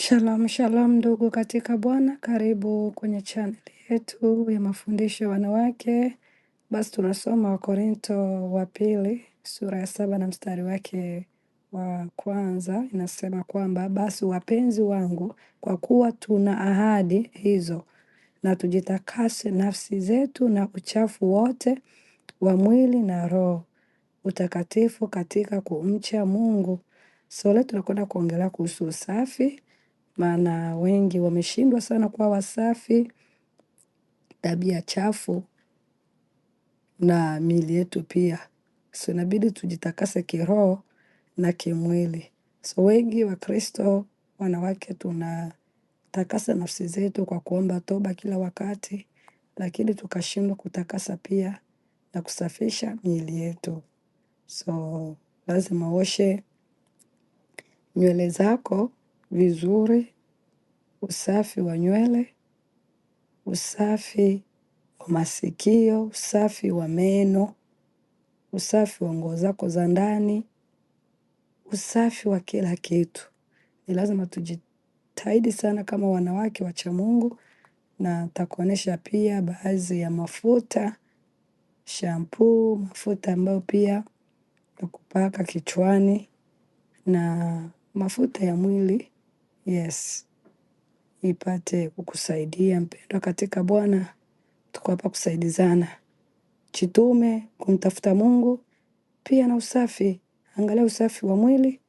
Shalom, shalom ndugu katika Bwana, karibu kwenye channel yetu ya mafundisho ya wanawake. Basi tunasoma Wakorinto wa pili sura ya saba na mstari wake wa kwanza inasema kwamba basi wapenzi wangu, kwa kuwa tuna ahadi hizo, na tujitakase nafsi zetu na uchafu wote wa mwili na roho, utakatifu katika kumcha Mungu. Sole tunakwenda kuongelea kuhusu usafi maana wengi wameshindwa sana kuwa wasafi, tabia chafu na miili yetu pia, so inabidi tujitakase kiroho na kimwili. So wengi wa Kristo wanawake tunatakasa nafsi zetu kwa kuomba toba kila wakati, lakini tukashindwa kutakasa pia na kusafisha miili yetu. So lazima uoshe nywele zako vizuri, usafi wa nywele, usafi wa masikio, usafi wa meno, usafi wa nguo zako za ndani, usafi wa kila kitu. Ni lazima tujitahidi sana kama wanawake wacha Mungu, na takuonyesha pia baadhi ya mafuta, shampuu, mafuta ambayo pia ya kupaka kichwani na mafuta ya mwili Yes, ipate kukusaidia mpendwa katika Bwana. Tuko hapa kusaidizana, chitume kumtafuta Mungu pia na usafi. Angalia usafi wa mwili,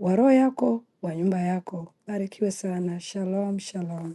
wa roho yako, wa nyumba yako. Barikiwe sana. Shalom, shalom.